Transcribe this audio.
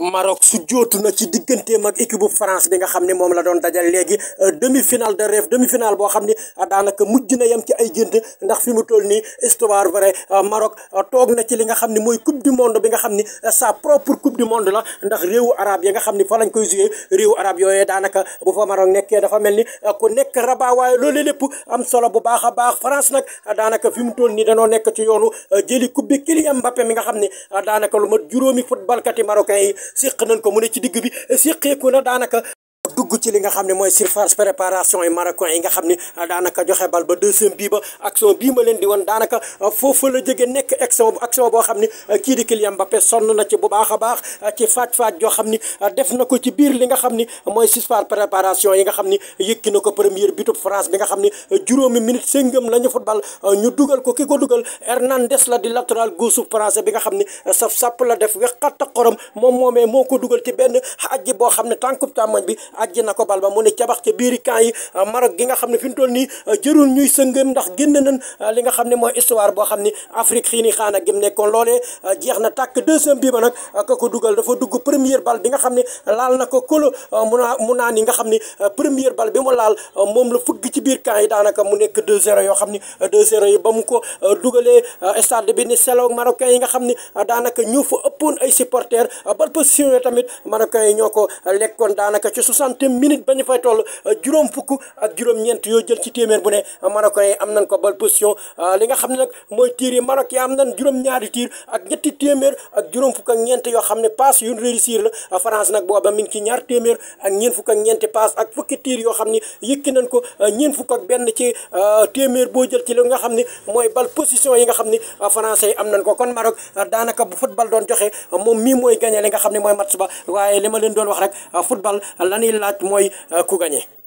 Maroc su jootu na ci digganteem ak équipe bu France bi nga xam ne moom la doon dajal léegi euh, demi-finale de rêve demi-finale boo xam ni euh, daanaka mujj na yem ci ay gént ndax fi mu toll nii histoire vrai euh, Maroc toog na ci li nga xam ne mooy coupe du monde bi nga xam ni sa propre coupe du monde la ndax réew arab yi nga xam ni fa lañ koy joué réew arab yooye daanaka bu fa Maroc nekkee dafa mel ni ko nekk Rabat waaye loolu lépp am solo bu baax a baax France nag daanaka fi mu toll nii danoo nekk ci yoonu jëli coupe bi Kylian mi nga xam ne daanaka lu mat juróomi footballkati marocain yi séq nañ ko mu ne ci digg bi séqeeku na daanaka dugg ci li nga xam ne mooy surface préparation yi marocain yi nga xam ne ah, daanaka joxe bal ba deuxième bii ba action bii ma leen di woon daanaka ah, foofu la jege nekk action action boo xam ne ah, kii di Kylian Mbappé sonn na ci bu baax a baax ci faaj-faaj joo xam ni def na ko ci biir li nga xam ni mooy surface préparation yi nga xam ni yëkki na ko première bitub France bi nga xam ne juróomi minute séngam la ñu bal ñu dugal ko ki ko dugal Hernandez la di latéral gauche français bi nga xam ne saf sàpp la def wexxatta xorom moom moomee moo ko dugal ci benn xajji boo xam ne tànkub tàmmoñ bi àjj na ko bal ba mu ne cabax ca biiri camp yi euh, Maroc gi nga xam ne fi mu toll nii euh, jërul ñuy sëngëm ndax génn nañ euh, li nga xam ne mooy histoire boo xam ni Afrique xii ni xaana gim nekkoon loolee jeex na tàkk deuxième bii ba nag ka ko dugal dafa dugg première bal bi nga xam ne laal na ko kolo mu naa mu naa ni nga xam ne première bal bi mu laal moom la fëgg ci biir camp yi daanaka mu nekk 2-0 yoo xam ni 2-0 yi ba mu ko dugalee stade bi ni seloo marocain yi nga xam ne daanaka ñoo fa ëppoon ay supporters bal position tamit marocain yi ñoo ko lekkoon daanaka ci 60 soixante minutes ba ñu fay toll euh, juróom fukk ak juróom-ñeent yoo jël ci téeméer bu ne euh, marocain yi ko bal position euh, li nga xam ne mooy tiir yi Maroc am nañ juróom-ñaari tiir ak ñetti téeméer ak juróom fukk ak ñeent yoo xam ne passe yu réussir la France nag booba mi ngi ci ñaar téeméer ak ñeent fukk ak ñeenti passe fukki tiir yoo xam ne yëkki nañ ko ñeent ak benn ci téeméer boo jël ci li nga xam ne mooy bal position yi nga xam ne français yi am nañ ko kon Maroc daanaka bu football doon joxe moom mii mooy gagné li nga xam ne mooy match ba waaye li ma leen doon wax rek football lañuy laaj mooy euh, ku gagné.